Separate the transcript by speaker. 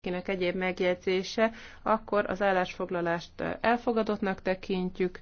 Speaker 1: kinek egyéb megjegyzése, akkor az állásfoglalást elfogadottnak tekintjük.